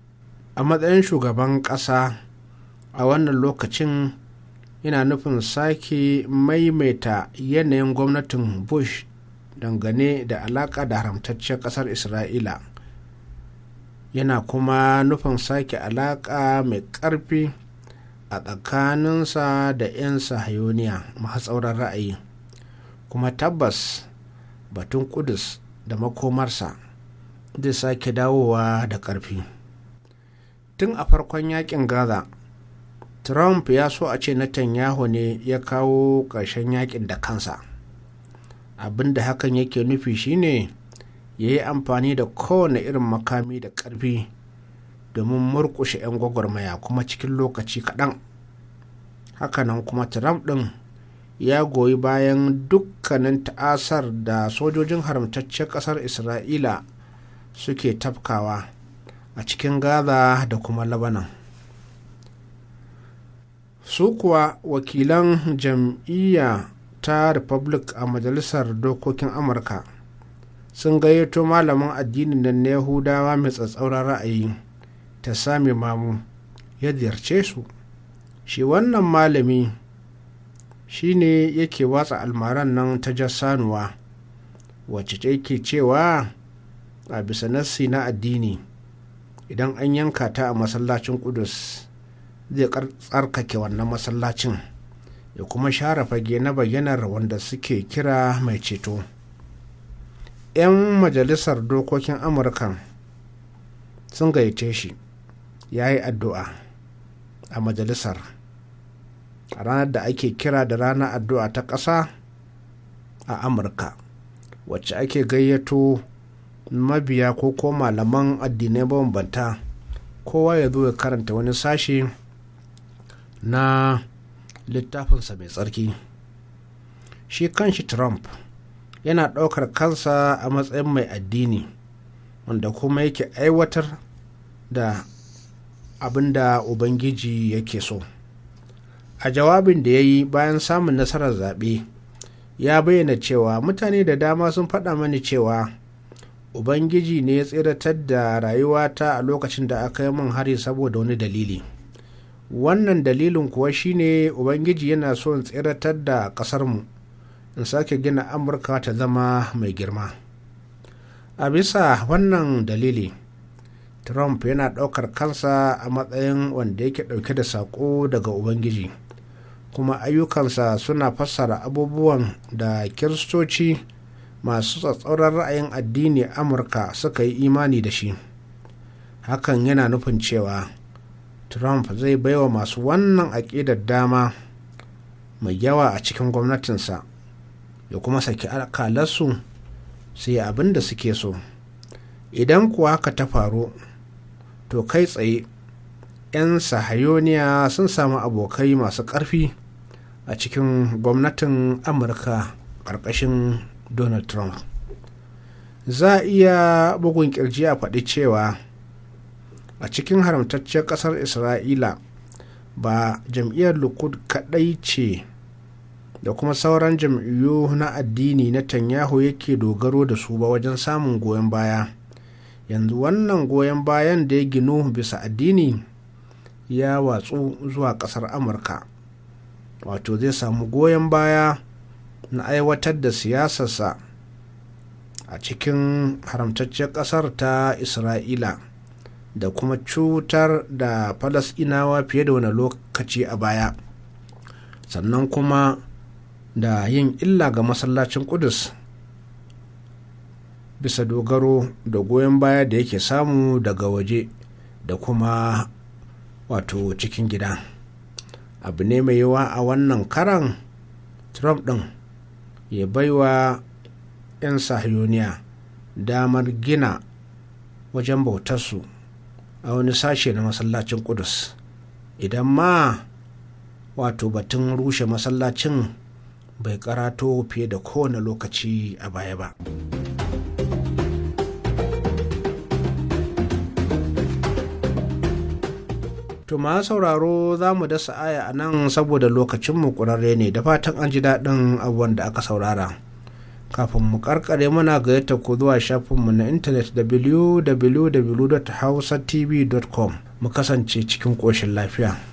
a matsayin shugaban ƙasa a wannan lokacin yana nufin sake maimaita yanayin gwamnatin bush dangane da alaƙa da haramtacciyar ƙasar isra'ila yana kuma nufin sake alaƙa mai ƙarfi a tsakaninsa da 'yan sahayoniya tsauran ra'ayi kuma tabbas batun kudus da makomarsa zai sake dawowa da ƙarfi tun a farkon yakin gaza trump ya so a ce netanyahu ne ya kawo ƙarshen yakin da kansa abin da hakan yake nufi shine ya yi amfani da kowane irin makami da ƙarfi domin murƙushe 'yan gwagwarmaya kuma cikin lokaci kaɗan hakanan kuma trump ɗin ya goyi bayan dukkanin ta'asar da sojojin haramtaccen ƙasar isra'ila suke tafkawa a cikin gaza da kuma labanan su kuwa wakilan jam'iyya ta republic a majalisar dokokin amurka sun gayyato malamin addinin nan na yahudawa mai tsatsauran ra'ayi ta sami mamu ya ziyarce su shi wannan malami shi ne yake watsa almaran nan ta jasanuwa wacce ta yake cewa a bisa nassi na addini idan an yanka ta a masallacin kudus zai tsarkake wannan masallacin ya kuma share fage na bayyanar wanda suke kira mai ceto 'yan majalisar dokokin amurka sun gayyace shi ya yi addu'a a majalisar a ranar da ake kira da ranar addu'a ta ƙasa a amurka wacce ake gayyato mabiya ko ko malaman addinai banbanta kowa ya zo ya karanta wani sashe na littafinsa mai tsarki shi kanshi trump yana ɗaukar kansa a matsayin mai addini wanda kuma yake aiwatar da abin da ubangiji yake so a jawabin da ya yi bayan samun nasarar zaɓe ya bayyana cewa mutane da dama sun faɗa mani cewa ubangiji ne ya tseratar da rayuwata a lokacin da aka yi min hari saboda wani dalili wannan dalilin kuwa shine ubangiji yana son tseratar da ƙasarmu in sake gina amurka ta zama mai girma a bisa wannan dalili trump yana ɗaukar kansa a matsayin wanda yake ɗauke da saƙo daga ubangiji kuma ayyukansa suna fassara abubuwan da kiristoci masu tsatsauran ra'ayin addini amurka suka yi imani da shi hakan yana nufin cewa trump zai baiwa masu wannan aƙidar dama mai yawa a cikin gwamnatinsa ya kuma saki alƙalarsu sai abin da suke so idan kuwa haka ta faru to kai tsaye 'yan sahayoniya sun samu abokai masu ƙarfi a cikin gwamnatin amurka ƙarƙashin donald trump za a iya bugun kirji a faɗi cewa a cikin haramtacciyar ƙasar isra'ila ba jam'iyyar likud kaɗai ce da kuma sauran jam'iyyu na addini na tanyahu yake dogaro da su ba wajen samun goyon baya yanzu wannan goyon bayan da ya ginu bisa addini ya watsu zuwa ƙasar amurka wato zai samu goyon baya na aiwatar da siyasarsa a cikin haramtacciyar ƙasar ta isra'ila da kuma cutar da falasinawa fiye da wani lokaci a baya sannan kuma da yin illa ga masallacin kudus bisa dogaro da goyon baya da yake samu daga waje da kuma wato cikin gida abu ne mai yawa a wannan karan trump ɗin ya baiwa 'yan sahiyoniya damar gina wajen bautarsu a wani sashe na masallacin kudus idan ma wato batun rushe masallacin bai karato fiye da kowane lokaci a baya ba. tuma sauraro za mu dasa aya a nan saboda lokacinmu kurare ne da fatan an ji daɗin abubuwan da aka saurara. kafin mu karkare mana gayyata ku zuwa shafinmu na intanet www.hausatv.com mu kasance cikin koshin lafiya.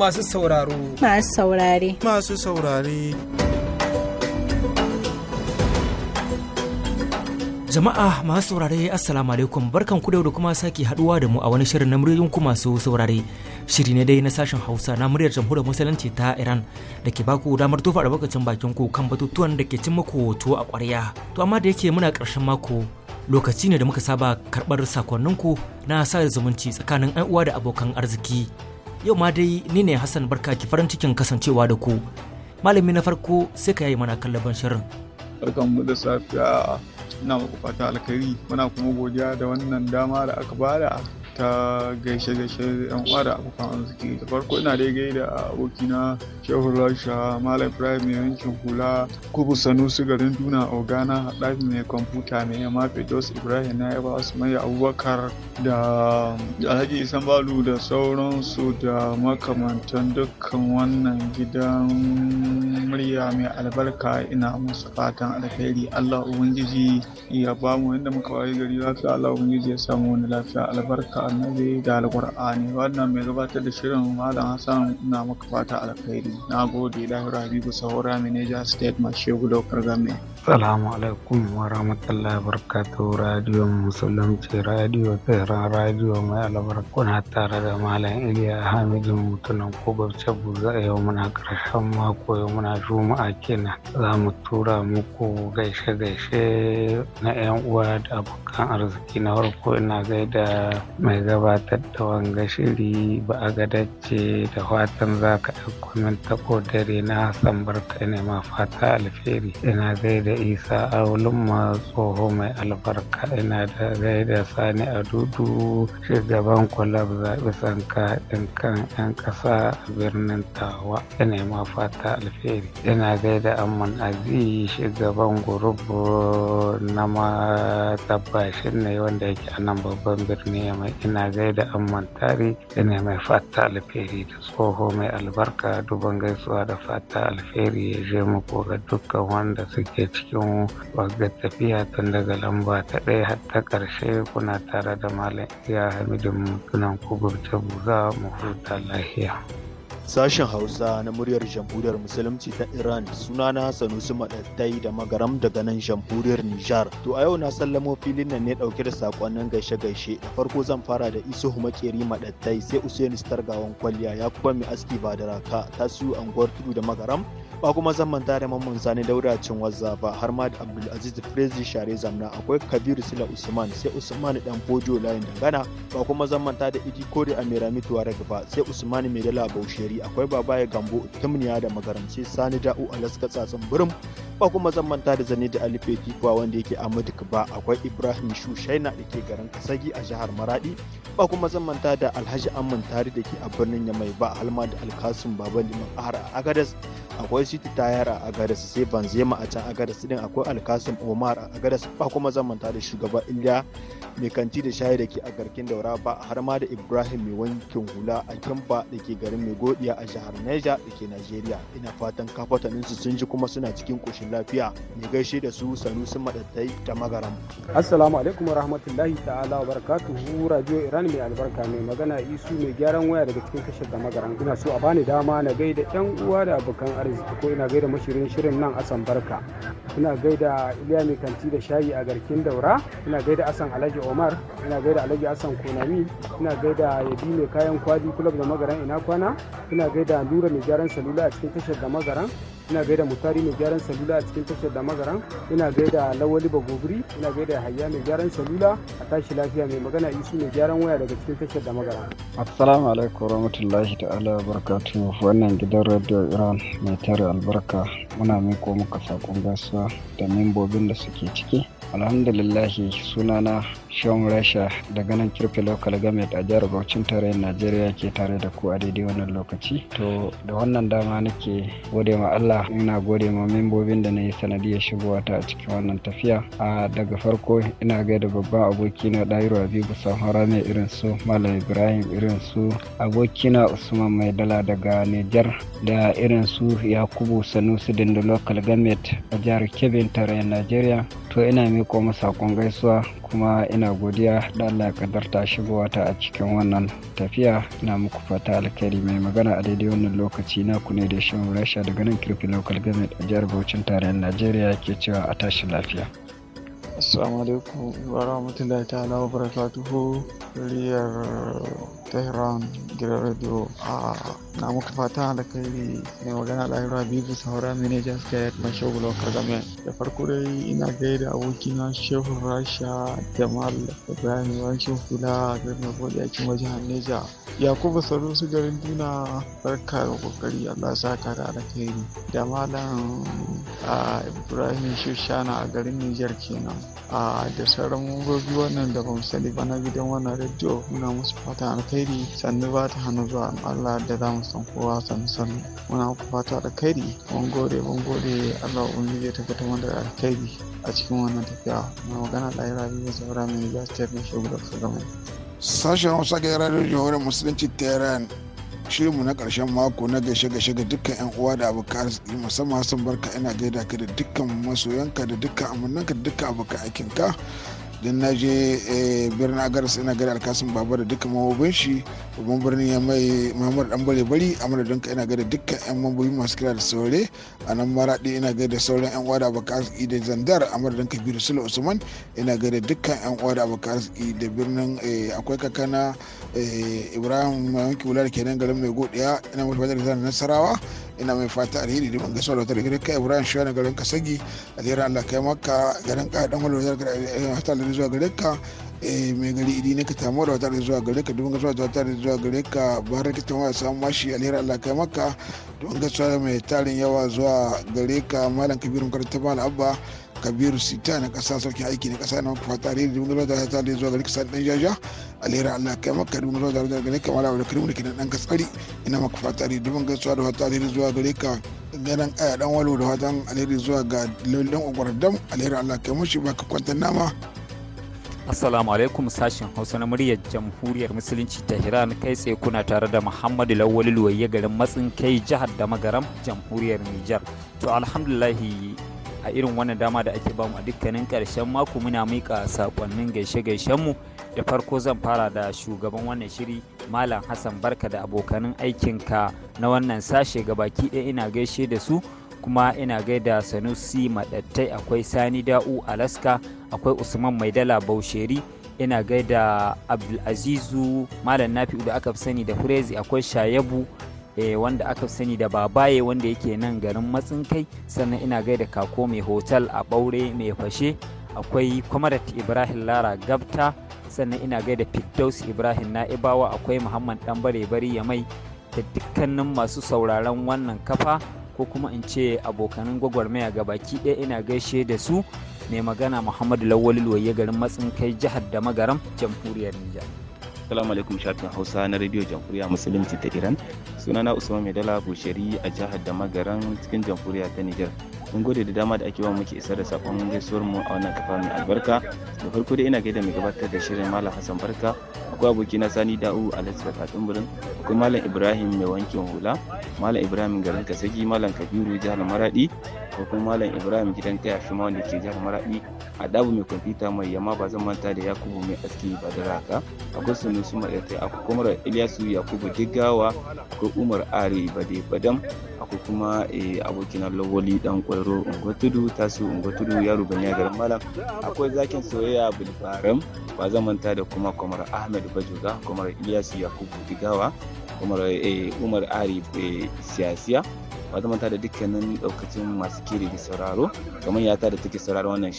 masu sauraro. Masu saurare. Masu saurare. Jama'a masu saurare Assalamu alaikum barkan ku da kuma sake haduwa da mu a wani shirin na muryoyin ku masu saurare. Shiri ne dai na sashen Hausa na muryar Jamhuriyar Musulunci ta Iran da ke baku damar tofa bakacin bakin ku kan batutuwan da ke cin muku tuwo a ƙwarya. To amma da yake muna karshen mako lokaci ne da muka saba karɓar sakonninku na sa zumunci tsakanin 'yan uwa da abokan arziki. yau ma dai ni ne Hassan Barka ki farin cikin kasancewa da ku. Malami na farko sai ka yi mana kallaban shirin. Barkan mu da safiya ina muku fata alkhairi muna kuma godiya da wannan dama da aka bada ta gaishe gaishe yan uwa da abokan arziki da farko ina dai gaida abokina shehu rasha malam ibrahim mai yankin hula kubu sanusi garin duna ogana haɗafi mai kwamfuta mai yamma fedos ibrahim na yaba mai abubakar da alhaji isan balu da sauransu da makamantan dukkan wannan gidan murya mai albarka ina musu fatan alheri allah ubangiji ya bamu inda muka wayi gari lafiya allah ubangiji ya samu wani lafiya albarka annabi da alkur'ani wannan mai gabatar da shirin malam hassan na maka fata alkhairi na gode lahiru habibu sahura manager state mashe daukar game salamu alaikum wa rahmatullahi barkatu radio musulunci radiyo tsirran radiyo mai albarkuna tare da malam iliya hamidu mutunan za a yau muna karshen mako yau muna juma'a kenan za mu tura muku gaishe-gaishe na 'yan uwa da abokan arziki na farko ina gaida mai gabatar da wanga shiri ba a gadacce da fatan za ka ɗauko min tako na hassan barka ne ma fata alferi ina gaida isa aulun ma tsoho mai albarka ina da gaida sani a dudu shugaban kulab zaɓi sanka ɗin kan ƴan ƙasa a birnin tawa ina ma fata alferi ina gaida amman aziz shugaban gurub na matabashin ne wanda yake a nan babban birni mai ina gaida amman tari ina mai fata alferi da tsoho mai albarka duban gaisuwa da fata alferi ya je muku ga dukkan wanda suke cikin wagga tafiya tun daga lamba ta ɗaya har ta ƙarshe kuna tare da malam iya hamidin mutunan kugur ta buga mu huta lahiya. Sashen Hausa na muryar Jamhuriyar Musulunci ta Iran suna sunana Sanusi Madattai da Magaram daga nan Jamhuriyar Nijar. To a yau na sallamo filin nan ne dauke da sakonnin gaishe-gaishe. Da farko zan fara da Isu Makeri Madattai sai Usaini Stargawan Kwalliya ya kuma mai aski ba da raka ta siyo anguwar tudu da Magaram. ba kuma zan da mamman sani daura cin wazza ba har ma da abdulaziz frezi share zamna akwai kabiru sila usman sai usman dan bojo layin dangana ba kuma zan da idi kori a merami tuwareg ba sai usman dala bausheri akwai babaye gambo timniya da magaramci sani da'u alaska tsatsin birin ba kuma zan da zane da alife wanda yake a ba akwai ibrahim shushaina da ke garin kasagi a jihar maradi ba kuma zan da alhaji amman tari da ke a birnin yamai ba halma da alkasim baba liman ahar a agadas akwai city yara a agadas sai banzema a can agadas din akwai alkasim omar a agadas ba kuma zamanta da shugaba iliya mai kanti da shayi da ke a garkin daura ba har ma da ibrahim mai wankin hula a kimba da ke garin mai godiya a jihar niger da ke nigeria ina fatan kafatanin su sun ji kuma suna cikin koshin lafiya mai gaishe da su sanusi madattai da magaram assalamu alaikum wa rahmatullahi ta'ala wa barakatuhu radio iran mai albarka mai magana isu mai gyaran waya daga cikin kashe da magaram ina so a bani dama na gaida yan uwa da abokan arziki farko ina gaida mashirin shirin nan asan barka ina gaida iliya mai kanti da shayi a garkin daura ina gaida asan alhaji omar ina gaida alhaji asan konami ina gaida yabi mai kayan kwadi kulab da magaran ina kwana ina gaida lura mai gyaran salula a cikin tashar da magaran ina gaida mutari mai gyaran salula a cikin tashar da magaran ina gaida lawali gobiri ina gaida hayya mai gyaran salula a tashi lafiya mai magana isu mai gyaran waya daga cikin tashar da magaran assalamu alaikum warahmatullahi ta'ala barakatu wannan gidan radio iran mai tare albarka muna miko muka sakon gaisuwa da membobin da suke ciki alhamdulillahi sunana shon rasha daga nan kirfe lokal government a jihar bauchin tarayyar najeriya ke tare da ku a daidai wannan lokaci to da wannan dama nake gode ma allah ina gode ma membobin da na yi sanadiyar shigowa ta a cikin wannan tafiya a daga farko ina gaida babban aboki na dairu abibu samhara mai irin su malam ibrahim irin su abokina usman Maidala daga niger da irin su yakubu sanusi dindo local government a jihar kebbi tarayyar najeriya to ina miko masa gaisuwa kuma ina godiya da Allah ya kaddarta shigowa ta a cikin wannan tafiya na muku fata alkhairi mai magana a daidai wannan lokaci na ku ne da shan rasha daga nan kirfi local government a jihar Bauchin tarayyar Najeriya ke cewa a tashi lafiya. Assalamu alaikum wa rahmatullahi ta'ala wa barakatuhu muryar Tehran gidan radio a na muka fata da kai mai magana lahira bibu saura manajan skyet mashagulo kagame da farko dai ina gaida abokina shehu rasha jamal ibrahim rashin hula garin gode a cikin wajen neja yakubu su garin duna barka da kokari allah sa ka da alkhairi da malam ibrahim shushana a garin nijar kenan a da sauran mambobi wannan da mu sani ba na gidan wannan rediyo muna musu fata alkhairi sannu ba ta hannu zuwa Allah da za mu san kowa sannu sannu muna muku fata alkhairi mun gode mun gode Allah ubangiji ya tabbatar mana da alkhairi a cikin wannan tafiya mai magana da ira biyu zaura mai ce mai shugaban shugaban sashen hausa ga radio musulunci tehran shirinmu na karshen mako na gaishe-gaishe ga dukkan 'yan uwa da abokan arziki musamman hasan barka ina gaida ka da dukkan masoyanka da dukkan amannanka da dukkan abokan aikinka don na je eh, birnin agaris ina gaida alkasin baba da dukkan mambobin shi babban birnin ya mai mamar dan bare bari a madadinka ina gaida dukkan yan mambobi masu kira da saurare a nan maraɗi ina gaida sauran yan uwa da abokan arziki da zandar a madadinka biyu sula usman ina gaida dukkan yan uwa da abokan arziki da birnin eh, akwai kakana Eh, ibrahim mai wanki wula da kenan garin mai godiya ina mai fata da nasarawa ina mai fata alheri da ban gaisuwa da wata da kai ibrahim shi wani garin kasagi zira allah kai maka garin ka dan wani wata da zuwa garin ka eh, mai gari idi ne ka tamu da wata da zuwa garin ka dubin gaisuwa da wata da zuwa garin ka bayan ka tamu a samun mashi alheri allah kai maka dubin gaisuwa mai tarin yawa zuwa gare ka malam kabiru karanta malam abba kabiru sita na kasa saukin aiki na kasa na fata da dubu da ta tare zuwa ga kasa dan jaja alheri allah kai maka dubu da gane kamar abu da kirmu da kinan dan katsari ina maka fata da dubu gaisuwa da fata da zuwa gare ka ganin aya dan walo da fatan alheri zuwa ga lallan ugwardam alheri allah kai mushi baka kwantar nama Assalamu alaikum sashen Hausa na muryar Jamhuriyar Musulunci ta hiran kai tsaye kuna tare da Muhammadu Lawali Luwaye garin Matsin kai jihar da Magaram Jamhuriyar Nijar. To alhamdulahi a irin wannan dama da ake bamu a dukkanin karshen mako muna mika sakonnin gaishe-gaishenmu da farko zan fara da shugaban wannan shiri malam hassan barka da abokanin aikinka na wannan sashe ga baki ɗaya ina gaishe da su kuma ina gaida sanusi madattai akwai sani da'u alaska akwai usman maidala bausheri ina gaida abdulazizu malam nafi'u da aka fi sani da furezi akwai shayabu Eh, wanda aka sani da babaye wanda yake nan garin matsin kai sannan ina gaida kako mai hotel a ɓaure mai fashe akwai kwamarat ibrahim lara gabta sannan ina gaida fiddaus ibrahim na'ibawa akwai muhammad dan bare bari ya mai da dukkanin masu sauraron wannan kafa ko kuma in ce abokanin gwagwarmaya ga baki ɗaya ina gaishe da su mai magana muhammadu lawal luwaye garin matsin kai jihar da magaram jamhuriyar nijar Assalamu alaikum shafin Hausa na Radio Jamhuriya Musulunci ta Iran. Sunana Usman Maidala Bushari a jihar Damagaran cikin Jamhuriya ta Nijar. mun gode da dama da ake ba muke isar da sakon gaisuwar mu a wannan kafa mai albarka da farko dai ina gaida mai gabatar da shirin malam hassan barka akwai abokina sani da'u alhaji da katun akwai malam ibrahim mai wankin hula malam ibrahim garin kasagi malam kabiru jihar maradi ko kuma malam ibrahim gidan kaya shi shima wanda ke jihar maradi a dabu mai kwamfuta mai yamma ba zan manta da yakubu mai aski ba da raka akwai sunu su maɗaita akwai kuma iliyasu yakubu diggawa akwai umar ari bade badam ko kuma eh, abokina lawali dan kwaro ungwatudu tasu ungwatudu yaro a garin malam akwai zakin soyayya bulbaram ba zamanta da kuma kwamar ahmed bajoga kwamar iyasu yakubu digawa kwamar eh, umar ari eh, siyasiya ba zamanta da dukkanin daukacin masu kiri da sauraro kamar yata da take sauraro wannan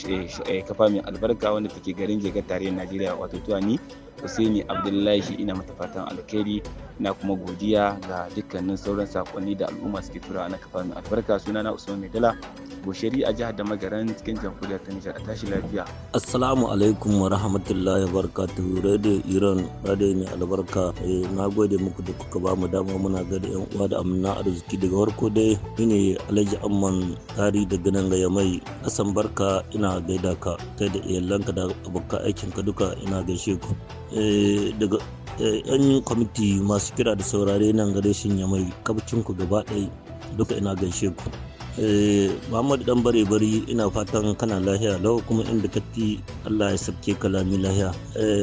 kafa mai albarka wanda take garin jigar tare najeriya wato tuwani Usaini Abdullahi ina mata fatan alkhairi ina kuma godiya ga dukkanin sauran sakonni da al'umma suke tura na kafan albarka suna na Usman Maidala Bushari a jihar da magaran cikin jamhuriyar ta Nijar a tashi lafiya. Assalamu alaikum wa rahmatullahi wa barakatuhu Radio Iran Radio mai albarka eh, na gode muku da kuka ba mu dama muna gada yan uwa da amina arziki daga warko dai ne Alhaji Amman Tari daga nan ga mai Asan barka ina gaida ka kai da iyalanka da abokan ka duka ina gaishe ku. Eh, daga yan eh, kwamiti masu kira da saurare nan gare shi ya mai kabcin ku gaba ɗaya duka ina gaishe ku eh, muhammadu dan bare bari ina fatan kana lahiya lau kuma inda katti allah ya sabke ka lami lahiya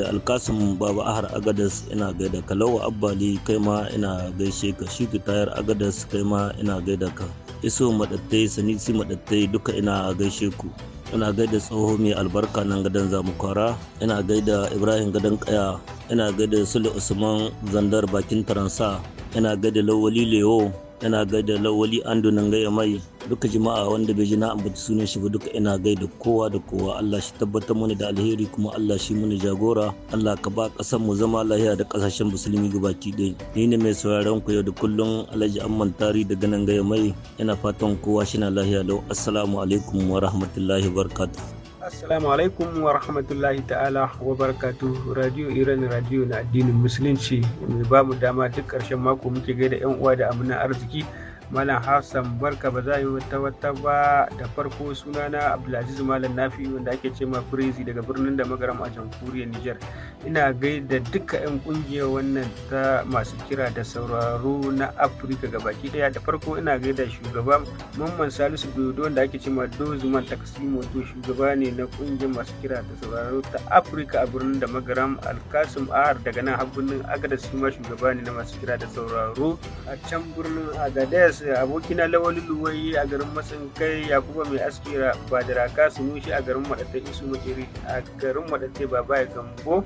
alkasim baba ahar agadas ina gaida ka lawa abbali kai ma ina gaishe ka shi tayar agadas kai ma ina gaida ka iso madattai sanisi madattai duka ina gaishe ku ina gaida tsoho mai albarka nan gadon zamukwara ina gaida ibrahim gadon kaya ina gaida sule usman zandar bakin taransa ina gaida lawali leo yana gaida lawali ando nan gaya mai duka jama'a wanda bai ji na ambaci sunan shi ba duka ina da kowa da kowa Allah shi tabbatar mana da alheri kuma Allah shi mana jagora Allah ka ba kasar mu zama lahiya da kasashen musulmi gabaki ɗaya ni ne mai sauraron ku yau da kullum Alhaji Amman Tari daga nan gaya mai yana fatan kowa shi na lahiya lau assalamu alaikum wa rahmatullahi wa barakatuh Assalamu alaikum wa rahmatullahi ta'ala wa barkatu. radio Iran radio na addinin musulunci mai ba mu dama duk ƙarshen mako muke gaida 'yan uwa da amina arziki Malam Hafsan barka ba za yi wata wata ba da farko sunana Abdulaziz Malam Nafi wanda ake ce ma Prezi daga birnin da magaram a jamhuriyar Nijar. Ina gaida duka 'yan kungiyar wannan ta masu kira da sauraro na Afirka gabaki daya da farko ina gaida shugaba Mamman Salisu Dodo wanda ake ce ma Dozuman Takasimo to shugaba ne na kungiyar masu kira da sauraro ta Afirka a birnin da magaram Alkasim Ahar daga nan har birnin Agadez shi ma shugaba ne na masu kira da sauraro a can birnin Agadez abokina lawalin Luwai a garin matsin kai yakuba mai aski ba da raka su a garin madatai isu makiri a garin madatai baba ya gambo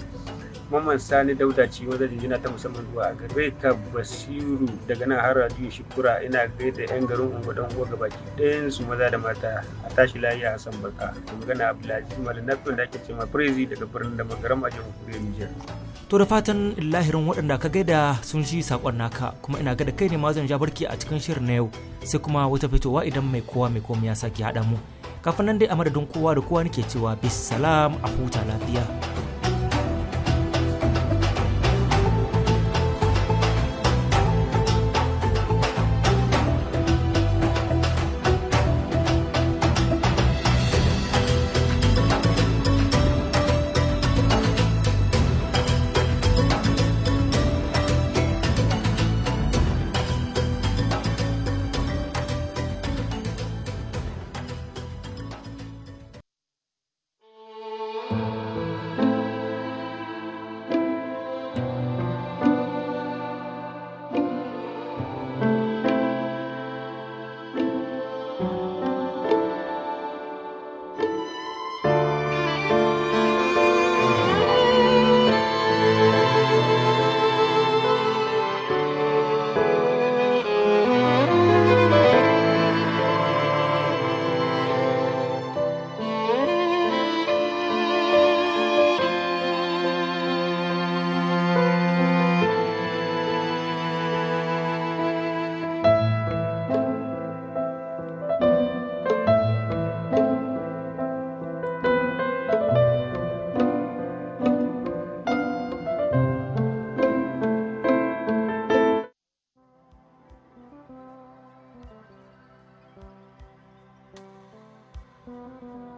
Muhammad Sani Dauda ce wanda jinjina ta musamman zuwa a gare ka Basiru daga nan har Radio Shukura ina da yan garin Ungo dan uwa gabaki ɗayan su maza da mata a tashi lafiya a san barka. Magana Abdullahi Malam Nafi'u da ake cewa Prezi daga birnin da magaram a jamhuriyar Nijar. To da fatan lahirin waɗanda ka gaida sun ji saƙon naka kuma ina ga da kai ne ma zan ja barki a cikin shirin na yau sai kuma wata fitowa idan mai kowa mai komai ya sake haɗa mu. Kafin nan dai a madadin kowa da kowa nake cewa bis salam a huta lafiya. thank you